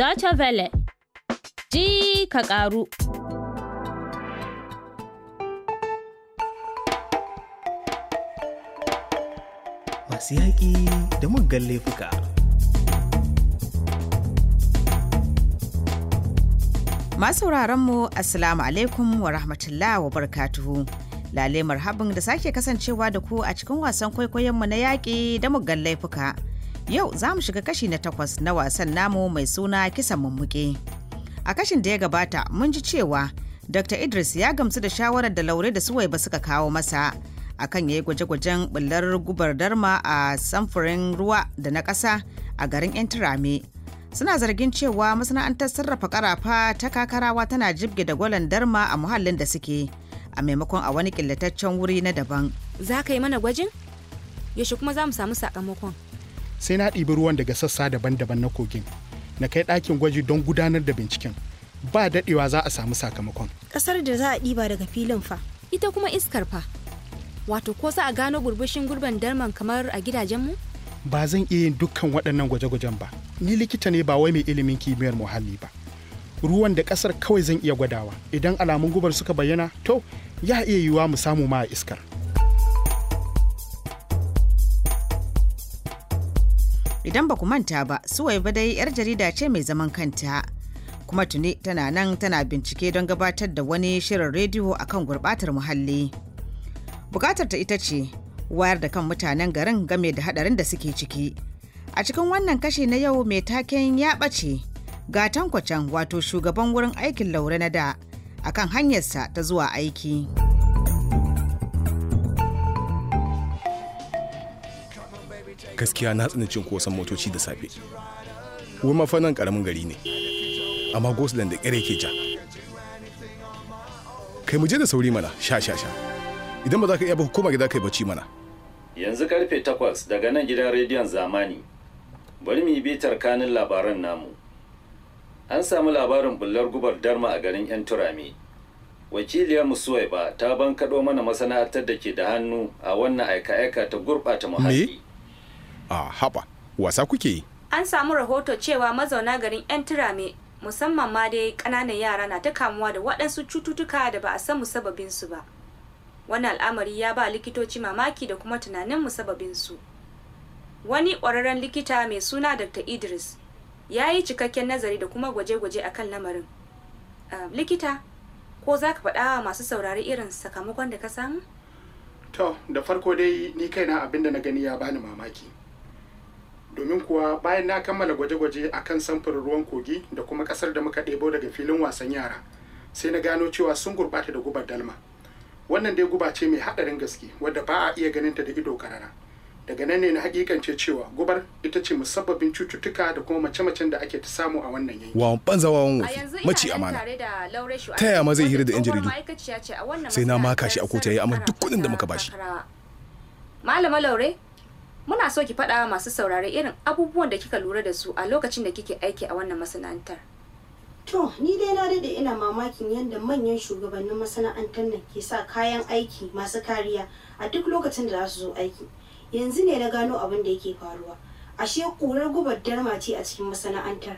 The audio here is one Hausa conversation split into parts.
Deutsche Welle ji ka ƙaru. Masu yaƙi da muggan laifuka. Masu mu Assalamu alaikum wa rahmatullah wa barkatuhu. Lale marhabin da sake kasancewa da ku a cikin wasan kwaikwayonmu na yaƙi da muggan laifuka. Yau za mu shiga kashi na takwas na wasan namu mai suna kisan mummuke. A kashin da ya gabata mun ji cewa Dr. Idris ya gamsu da shawarar da Laure da ba suka kawo masa a akan yayi gwaje-gwajen bullar gubar darma a samfurin ruwa da na ƙasa a garin 'yan Suna zargin cewa masana'antar sarrafa karafa ta kakarawa tana jibge da gwalan darma a muhallin da suke a maimakon a wani killataccen wuri na daban. Za ka yi mana gwajin? Yaushe kuma za mu samu sakamakon? sai na ɗibi ruwan daga sassa daban-daban na kogin na kai ɗakin gwaji don gudanar da binciken ba daɗewa za a samu sakamakon ƙasar da za a ɗiba daga filin fa ita kuma iskar fa wato ko za a gano gurbushin gurbin darman kamar a gidajen mu ba zan iya yin dukkan waɗannan gwaje-gwajen ba ni likita ne ba wai mai ilimin kimiyyar muhalli ba ruwan da ƙasar kawai zan iya gwadawa idan alamun gubar suka bayyana to ya iya yiwuwa mu samu ma iskar idan ba ku manta ba suwai dai yar jarida ce mai zaman kanta kuma tuni tana nan tana bincike don gabatar da wani shirin rediyo akan gurbatar muhalli bukatar ta ita ce wayar da kan mutanen garin game da hadarin da suke ciki a cikin wannan kashi na yau mai taken ya ɓace ga tankwacen wato shugaban wurin aikin laure na da akan hanyarsa ta zuwa aiki. gaskiya na tsani cin kosan motoci da safe wai mafanan karamin gari ne amma gosland da kere ke ja kai mu je da sauri mana sha sha sha idan ba za ka iya ba koma gida kai bacci mana yanzu karfe takwas daga nan gidan rediyon zamani bari mu yi bitar kanin labaran namu an samu labarin bullar gubar darma a garin yan turame wakiliyar musuwai ba ta bankaɗo mana masana'antar da ke da hannu a wannan aika-aika ta gurɓata muhalli a haba wasa kuke an samu rahoto cewa mazauna garin yan turame musamman ma dai kananan yara na ta kamuwa da waɗansu cututtuka da ba a san musababin su ba wani al'amari ya ba likitoci mamaki da kuma tunanin musababin su wani ƙwararren likita mai suna dr idris ya yi cikakken nazari da kuma gwaje-gwaje akan lamarin likita ko za ka faɗa masu saurari irin sakamakon da ka samu to da farko dai ni kaina abinda na gani ya bani mamaki domin kuwa bayan na kammala gwaje-gwaje a kan samfurin ruwan kogi da kuma kasar da muka ɗebo daga filin wasan yara sai na gano cewa sun gurɓata da gubar dalma wannan dai guba ce mai haɗarin gaske wadda ba a iya ganin ta da ido karara daga nan ne na hakikance cewa gubar ita ce musabbabin cututtuka da kuma mace-macen da ake ta samu a wannan yanki wawan banza wawan wafi mace amana ta yaya ma zai hira da yan jaridu sai na maka shi a kotu amma duk kudin da muka bashi malama laure Muna so ki faɗa masu saurare irin abubuwan da kika lura da su a lokacin da kike aiki a wannan masana'antar. To, ni dai na dade ina mamakin yadda manyan shugabannin masana'antar nan ke sa kayan aiki masu kariya a duk lokacin da za su zo aiki. Yanzu ne na gano abin da yake faruwa. Ashe ƙurar gubar darma ce a cikin masana'antar.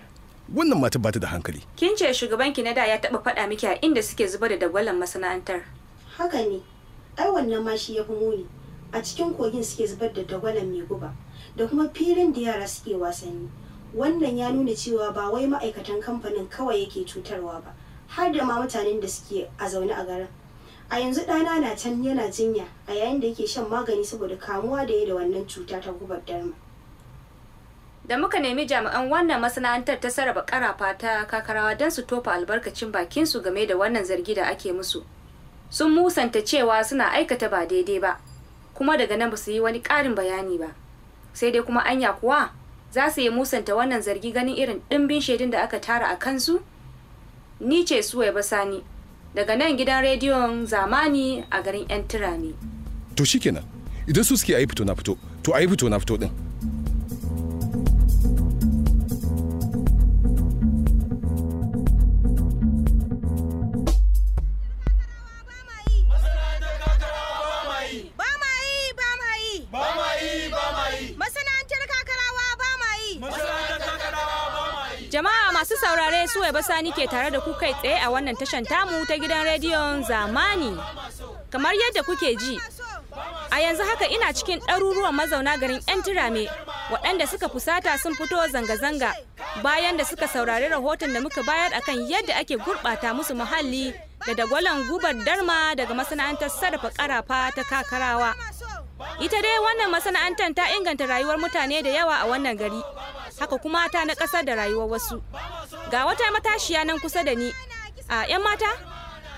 Wannan mata ba ta da hankali. Kin ce shugabanki na da ya taɓa faɗa miki a inda suke zubar da dagwalon masana'antar. Haka ne, ai wannan ma shi ya fi muni. a cikin kogin suke zubar da dagwalon mai guba da kuma filin da yara suke wasanni wannan ya nuna cewa ba wai ma'aikatan kamfanin kawai yake cutarwa ba har da ma mutanen da suke a zaune a garin a yanzu ɗana na can yana jinya a yayin da yake shan magani saboda kamuwa da ya da wannan cuta ta gubar darma da muka nemi jami'an wannan masana'antar ta sarrafa karafa ta kakarawa don su tofa albarkacin bakinsu game da wannan zargi da ake musu sun musanta cewa suna aikata ba daidai ba kuma daga nan ba su yi wani ƙarin bayani ba sai dai kuma anya kuwa za su yi musanta wannan zargi ganin irin ɗimbin shaidun da aka tara a kansu ni ce suwai sani daga nan gidan rediyon zamani a garin yan ne. to shikenan idan su suke a yi fito na fito to a yi fito na fito din Jama'a masu saurare su basa sani ke tare da ku kai tsaye a wannan tashan tamu ta gidan rediyon zamani. Kamar yadda kuke ji, a yanzu haka ina cikin ɗaruruwan mazauna garin 'yan tirame waɗanda suka fusata sun fito zanga-zanga bayan da suka saurari rahoton da muka bayar akan yadda ake gurɓata musu muhalli da dagwalon gubar darma daga masana'antar sarrafa karafa ta kakarawa. Ita dai wannan masana'antar ta inganta rayuwar mutane da yawa a wannan gari, haka kuma ta na ƙasa da rayuwar wasu ga wata matashiya nan kusa da ni a 'yan mata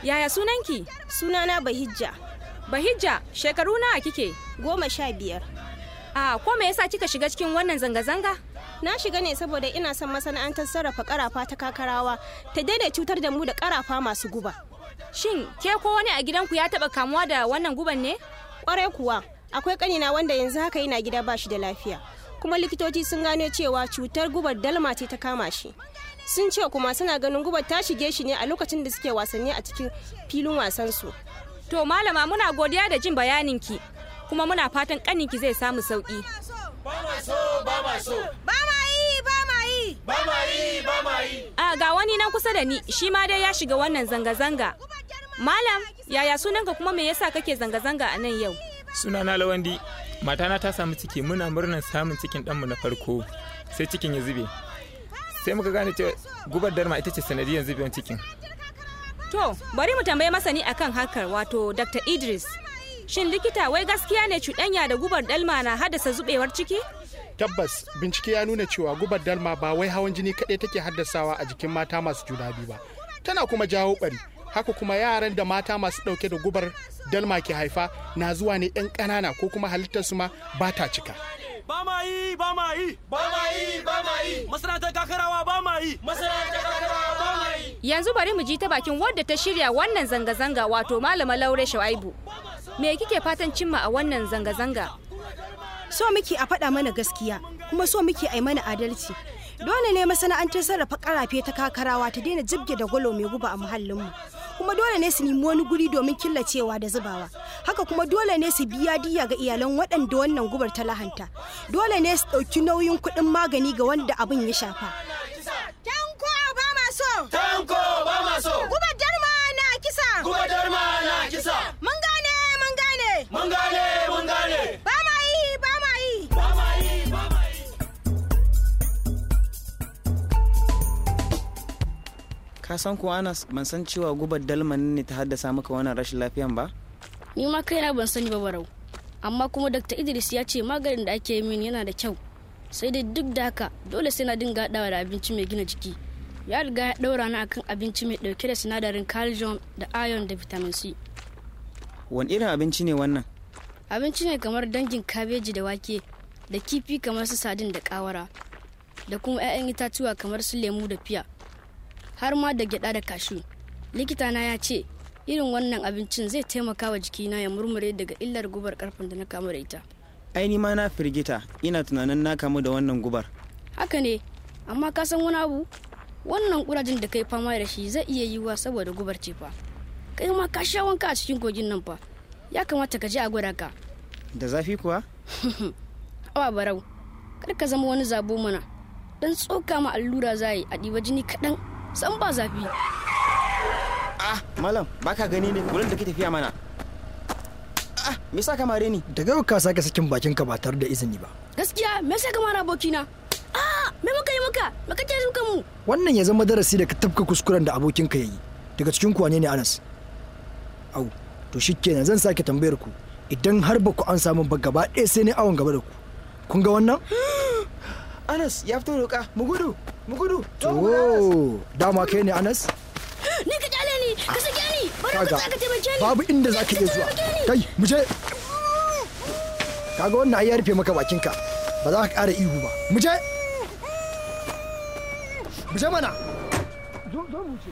yaya sunanki sunana bahijja bahijja shekaru nawa kike goma sha biyar a ko me yasa kika shiga cikin wannan zanga-zanga na shiga ne saboda ina son masana'antar sarrafa karafa ta kakarawa ta daina cutar da mu da karafa masu guba shin ke ko wani a gidanku ya taba kamuwa da wannan guban ne kwarai kuwa akwai kanina wanda yanzu haka yana gida bashi da lafiya kuma likitoci sun gane cewa cutar gubar dalma ce ta kama shi sun ce kuma suna ganin gubar ta shige shi ne a lokacin da suke wasanni a cikin filin wasansu to malama muna godiya da jin bayaninki kuma muna fatan kaninki zai samu sauki a ah, ga wani nan kusa da ni shi ma dai ya shiga wannan zanga-zanga malam yaya sunanka kuma me yasa kake zanga-zanga a nan yau suna sunana lawandi matana ta samu ciki muna murnar samun cikin danmu na farko sai cikin ya zube sai muka gane cewa gubar darma ita ce sanadiyar zubewan cikin to bari mu tambayi masani akan harkar wato dr idris shin likita wai gaskiya ne cuɗanya da gubar dalma na haddasa zubewar ciki tabbas bincike ya nuna cewa gubar dalma ba wai hawan jini kaɗai take haddasawa a jikin mata masu juna biyu ba tana kuma jawo ɓari haka kuma yaran da mata masu ɗauke da gubar dalma ke haifa na zuwa ne 'yan ƙanana ko kuma halittar su ma ba ta cika ba ma yi ba ma yi kakarawa ba ma yi kakarawa ba yanzu bari mu ji ta bakin wadda ta shirya wannan zanga-zanga wato malama laure shawaibu me kike fatan cimma a wannan zanga-zanga so muke a faɗa mana gaskiya kuma so muke a mana adalci dole ne masana'antar sarrafa karafe ta kakarawa ta daina jibge da gwalo mai guba a muhallinmu kuma dole ne su nemi wani guri domin killacewa da zubawa haka kuma dole ne su biya diya ga iyalan waɗanda wannan gubar ta lahanta dole ne su ɗauki nauyin kuɗin magani ga wanda abin ya shafa ka san kuwa ana ban san cewa gubar dalman ne ta haddasa maka wannan rashin lafiyan ba ni ma kaina ban sani ba barau amma kuma dr idris ya ce maganin da ake min yana da kyau sai dai duk da haka dole sai na dinga haɗawa da abinci mai gina jiki ya riga ya ɗaura ni akan abinci mai ɗauke da sinadarin calcium da iron da vitamin c wani irin abinci ne wannan abinci ne kamar dangin kabeji da wake da kifi kamar su sadin da kawara da kuma 'ya'yan itatuwa kamar su lemu da fiya har ma da gyada da kashu likitana ya ce irin wannan abincin zai taimaka wa jikina ya murmure daga illar gubar karfin da na kamu da ita aini ma na firgita ina tunanin na kamu da wannan gubar haka ne amma ka san wani abu wannan kurajin da kai fama da shi zai iya yiwuwa saboda gubar ce fa kai ma ka sha wanka a cikin kogin nan fa ya kamata ka je a gwada ka da zafi kuwa awa barau kar ka zama wani zabo mana dan tsoka ma allura zai a diba jini kaɗan san ba zafi ah malam baka gani ne wurin da ke tafiya mana ah me yasa ka mare ni daga ka sake sakin bakin ka ba tare da izini ba gaskiya me yasa ka mara abokina ah me muka yi muka me kake zuka mu wannan ya zama darasi da ka tafka kuskuren da abokin ka yayi daga cikin ku wane ne Anas au to shikenan zan sake tambayar ku idan har ba ku an samu ba gaba ɗaya sai ne awon gaba da ku kun ga wannan Anas ya fito roƙa mu gudu mu gudu to dama kai ne anas ni ka kyale ni ka sake ni za ka taba taimake ni babu inda za ka iya zuwa kai mu je kaga wannan ai ya rufe maka bakinka ba za ka kara ihu ba mu je mu je mana zo zo mu je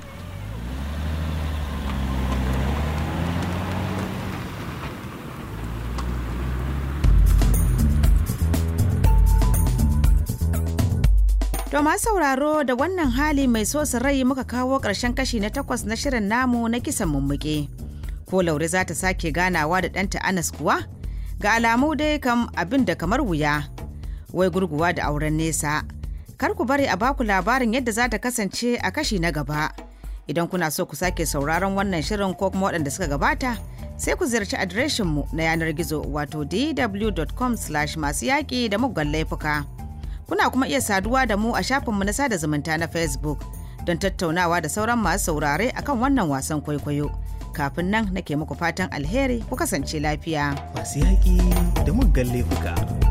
To masu sauraro da wannan hali mai so rai muka kawo ƙarshen kashi na takwas na shirin namu na kisan mummuke. Ko Laure za ta sake ganawa da ɗanta Anas kuwa? Ga alamu dai kam abin da kamar wuya. Wai gurguwa da auren nesa. Kar ku bari a baku labarin yadda za ta kasance a kashi na gaba. Idan kuna so ku sake sauraron wannan shirin ko kuma waɗanda suka gabata, sai ku ziyarci adireshinmu na yanar gizo wato dw.com slash masu yaƙi da muggan laifuka. Kuna kuma iya saduwa da mu a shafinmu na sada zumunta na Facebook don tattaunawa da sauran masu saurare akan wannan wasan kwaikwayo. Kafin nan nake muku fatan alheri ku kasance lafiya. Masu yaƙi da muggan laifuka.